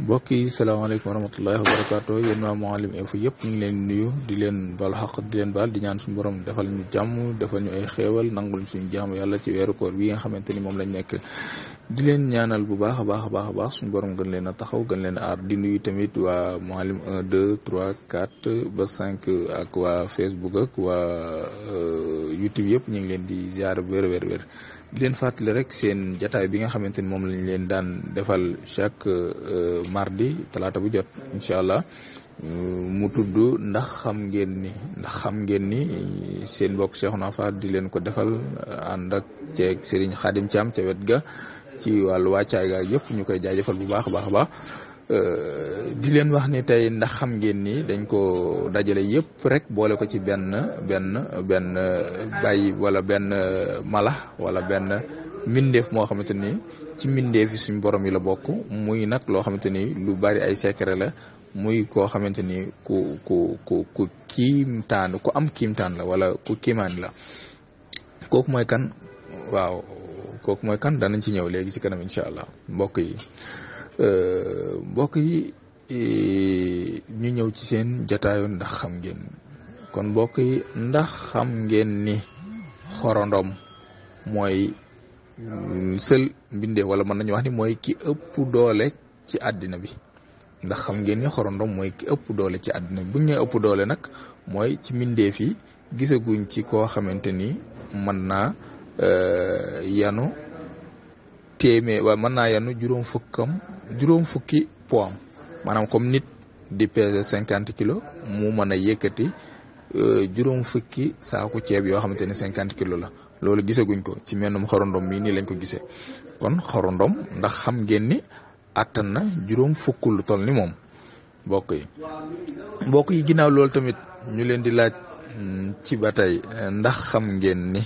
mbokk yi salaamaaleykum wa rahmatullahi wa barakaatu yéen waa Mouhalim info yëpp ñu ngi leen nuyu di leen bal xaq di leen baal di ñaan suñu borom defal ñu jàmm defal ñu ay xéewal nangul suñu jàmm yàlla ci weeru koor bi nga xamante ni moom lañu nekk di leen ñaanal bu baax a baax a baax a baax suñu borom gën leen a taxaw gën leen a aar di tamit waa Mouhalim 1 2 3 4 ba 5 ak waa Facebook ak waa euh, YouTube yëpp ñu ngi leen di ziar wér wér wér di leen fàttali rek seen jataay bi nga xamante ni moom lañ leen daan defal chaque euh, mardi talaata bu jot incha allah mu tudd ndax xam ngeen ni ndax xam ngeen ni seen mbokk Cheikh Nafa di leen ko defal ànd ak ceeg Serigne Khadim Thiam ca wet ga. ci wàllu wàccaay gaay yëpp ñu koy jaajëfal bu baax a baax a baax euh, di leen wax ni tey ndax xam ngeen ni dañ ko dajale yëpp rek boole ko ci benn benn benn bàyyi wala benn mala wala benn mbindeef moo xamante ni ci mbindeef yi suñ borom yi la bokk muy nag loo xamante ni lu bari ay secret la muy koo xamante ni ku ku ku ku kiimtaan ku am kiimtaan la wala ku kiimaan la kooku mooy kan waaw kooku mooy kan danañ ci ñëw léegi ci kanam incha allah mbokk yi euh, mbokk yi e, ñu ñëw ci seen jataayu ndax xam ngeen kon mbokk yi ndax xam ngeen ni xorondom mooy sël mbindeef wala mën nañu wax ni mooy ki ëpp doole ci àddina bi ndax xam ngeen ni xorondom mooy ki ëpp doole ci àddina bu ñu doole nag mooy ci mbindeef yi gisaguñ ci koo xamante ni mën naa Eh, yanu téeméer waaye mën naa yanu juróom fukkam juróom fukki poids maanaam comme nit di peser cinquante kilos mu mën a yëkkati eh, juróom fukki saaku ceeb yoo xamante ne cinquante kilos la loolu gisaguñ ko ci mennum xorondom mii nii lañ ko gisee kon xorondom ndax xam ngeen ni attan na juróom fukk lu ni moom mbokk yi mbokk yi ginnaaw loolu tamit ñu leen di laaj mm, ci ba ndax xam ngeen ni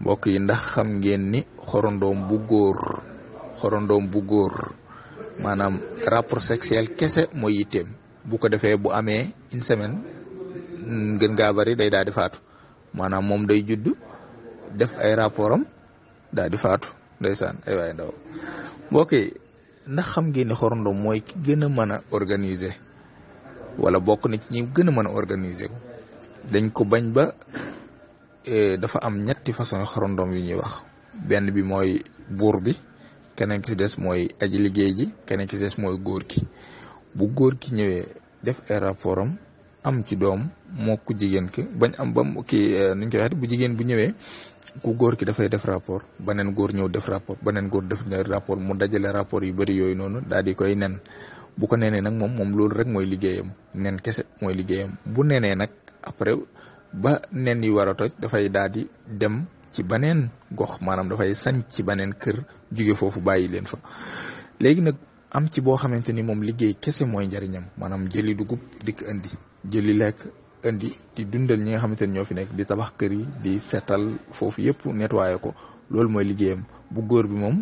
mbokk yi ndax xam ngeen ni xorondoom bu góor xorondoom bu góor maanaam rapport sexuel kese mooy yitteem bu ko defee bu amee une semaine gën gaa bari day daal di faatu maanaam moom day judd def ay rapport am daal di faatu ndeysaan ay waay ndaw mbokk ndax xam ngeen ni xorondoom mooy ki gën a mën a organiser wala bokk na ci ñi gën a mën a organiser dañ ko bañ ba Euh, dafa am ñetti façon xorondoom yu ñuy wax benn bi mooy buur bi keneen ki si des mooy aji liggéey ji keneen ki si des mooy góor ki bu góor ki ñëwee def ay rapport am am ci doom moo ku jigéen ki bañ am ba mu kii euh, nu ñu koy waxee bu jigéen bu ñëwee ku góor ki dafay def rapport beneen góor ñëw def rapport beneen góor def rapport mu dajale rapport yu bëri yooyu noonu daal di koy nen bu ko nenee nag moom moom loolu rek mooy liggéeyam nen kese mooy liggéeyam bu nenee nag après. ba nen yi war a dafay daal di dem ci beneen gox maanaam dafay sañ ci beneen kër juge foofu bàyyi leen fa léegi nag am ci boo xamante ni moom liggéey kese mooy njariñam maanaam jëli dugub dikk indi jëli lekk indi di dundal ñi nga xamante ni ñoo fi nekk di tabax kër yi di setal foofu yëpp nettoyé ko loolu mooy liggéeyam bu góor bi moom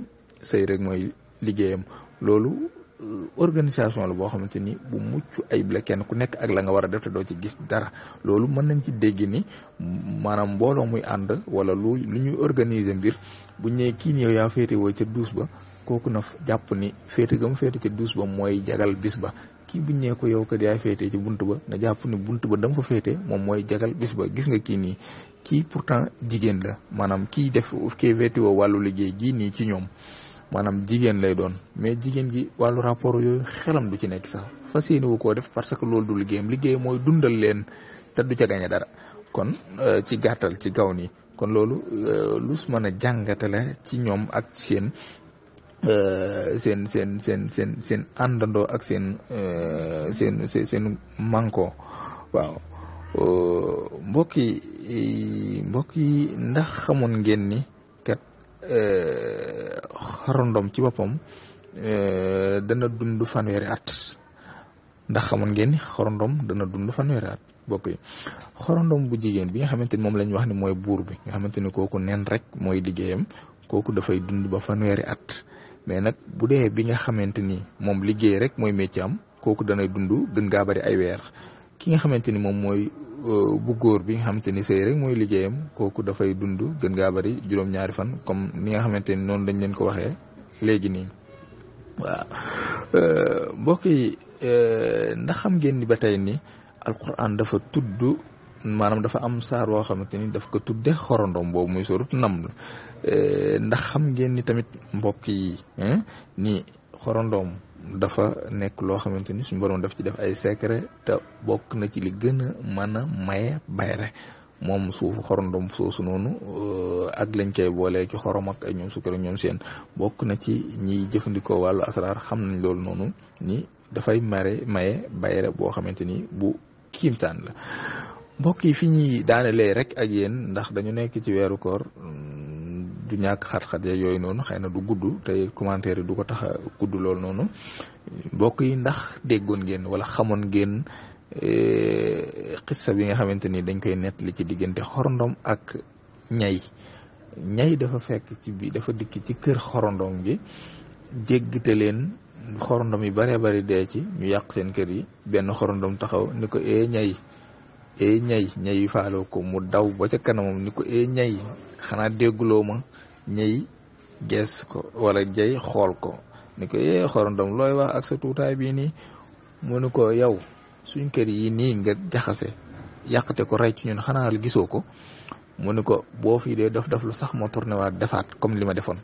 sëy rek mooy liggéeyam loolu Euh, organisation la boo xamante ni bu mucc ayib la kenn ku nekk ak la nga war a def te doo ci gis dara loolu mën nañ ci dégg ni maanaam mbooloo muy ànd wala lu lu ñuy organiser mbir bu ñëwee kii nii yaa féetewoo ca duus ba kooku na jàpp ni féete ga mu féete ca duus ba mooy jagal bis ba kii bu ñëwee ko yow kat yaa féete ci bunt ba na jàpp ni bunt ba dama fa féete moom mooy jagal bis ba gis nga kii nii kii pourtant jigéen la maanaam kii def kii féetewoo wàllu liggéey gii nii ci ñoom maanaam jigéen lay doon mais jigéen gi wàllu rapport yooyu xelam du ci nekk sax fa yéene wu koo def parce que loolu du liggéeyam liggéey mooy dundal leen te du ca dara kon euh, ci gàttal ci kaw nii kon loolu euh, lu su mën a jàngate ci ñoom ak seen euh, seen seen seen seen seen àndandoo ak seen seen seen manko waaw mbokk yi ndax xamoon ngeen ni. xarondom ci boppam e, dana dund fanweeri at ndax xamoon ngeen ni xorondom dana dund fanweeri at bokk yi xorondom bu jigéen bi nga xamante ni moom la wax ni mooy buur bi nga xamante ni kooku nen rek mooy liggéeyam kooku dafay dund ba fanweeri at mais nag bu dee bi nga xamante ni moom liggéey rek mooy métier am kooku danay dund gën gaa bari ay weer ki nga xamante ni moom mooy Euh, bu góor bi nga xamante ni sëy rek mooy liggéeyam kooku dafay dund gën gaa bari juróom-ñaari fan comme ni nga xamante ni noonu dañ leen ko waxee léegi nii waaw euh, mbokk yi euh, ndax xam ngeen ni ba tey ni alquran dafa tudd maanaam dafa am saar woo xamante ni daf ko tudde xorondom boobu muy sorut nam ndax xam ngeen ni tamit mbokk yi ni xorondom dafa nekk loo xamante ni suñu borom daf ci def ay secret te bokk na ci li gën a a maye bayre moom suufu xorondom soosu noonu euh, ak lañ cay boolee ci xorom ak ay ñoom sukkar ñoom seen bokk na ci ñiy jëfandikoo wàllu asraar xam nañ loolu noonu nii dafay mare maye bayre boo xamante ni bu kiimtaan la mbokk yi fi ñuy daanelee rek ak yéen ndax dañu nekk ci weeru koor du ñàkk xat-xat ya yooyu noonu xëy na du gudd te commentaire yi du ko tax a gudd loolu noonu mbokk yi ndax déggoon génn wala xamoon ngeen eh, xissa bi nga xamante ni dañ koy nettali ci diggante xorondom ak ñay ñay dafa fekk ci bi dafa dikk ci kër xorondom bi jéggte leen xorondom yi baree bari dee ci ñu yàq seen kër yi benn xorondom taxaw ni ko ee eh, ñay ee eh, ñay ñay ko mu daw ba ca kanamam ni ko ee ñay xanaa dégguloo ma ñëy gees ko wala jëy xool ko ni ko yee eh, xorondom looy wax ak sa tuutaay bii nii mu ni ko yow suñ kër yi nii nga jaxase yàqate ko rey ci ñun xanaa gisoo ko mu ni ko boo fii dee def def lu sax moo tourné waat defaat comme li ma defoon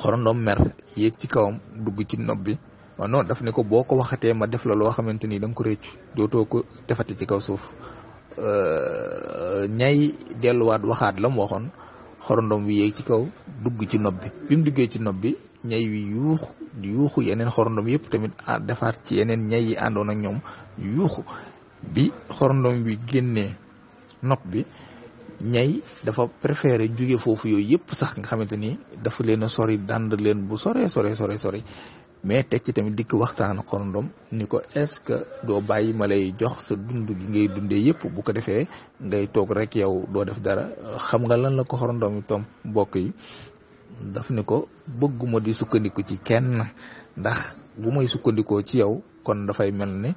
xorondom mer yéeg ci kawam dugg ci nopp bi waaw non daf ne ko boo ko waxatee ma def la loo xamante ni da nga ko réccu dootoo ko defate ci kaw suuf Euh, ñay delluwaat waxaat la mu waxoon xorondom bi yéeg ci kaw dugg ci nopp bi bi mu duggee ci nopp bi ñay wi yuux yuuxu yeneen xorondom yëpp tamit defaat ci yeneen ñay yi àndoon ak ñoom yuuxu bi xorondom bi génnee nopp bi ñay dafa préféré jóge foofu yooyu yëpp sax nga xamante ni dafa leen a sori dànd leen bu sore sore sore sori mais teg ci tamit dikk waxtaan xorondom ni ko est-ce que doo bàyyi ma lay jox sa dund gi ngay dundee yëpp bu ko defee ngay toog rek yow doo def dara xam nga lan la ko xorondom yi tom mbokk yi daf ni ko bëgguma di sukkandiku ci kenn ndax bu may sukkandikoo ci yow kon dafay mel ni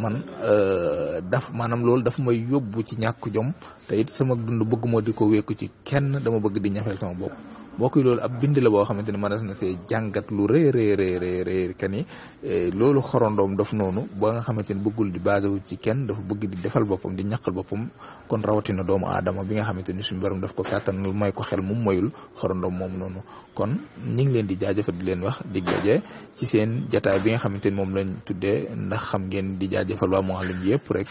man euh, daf maanaam loolu dafa may yóbbu ci ñàkk jom te it sama dund bëgguma di ko wékku ci kenn dama bëgg di ñafeel sama bopp mbokk yi loolu ab bind la boo xamante ni mënees na see jàngat lu rëy rëy rëy rëy kan ni eh, loolu xorondoom daf noonu ba nga xamante ni bëggul di basé wu ci kenn dafa bëgg di defal boppam di ñaqal boppam kon rawatina doomu aadama bi nga xamante ni suñu borom daf ko kàttanal may ko xel mu moyul xorondoom moom noonu kon ñi ngi leen di jaajëfal di leen wax di daje ci seen jataay bi nga xamante ni moom lañ tuddee ndax xam ngeen di jaajëfal waa Mouhalim bi yëpp rek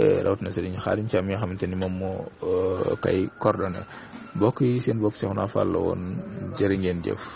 eh, rawatina Serigne Xaadim Thiam yi nga xamante ni moom moo eh, kay coordonné mbokk yi seen bopp Cheikhouna Fall la woon jërë ngeen jëf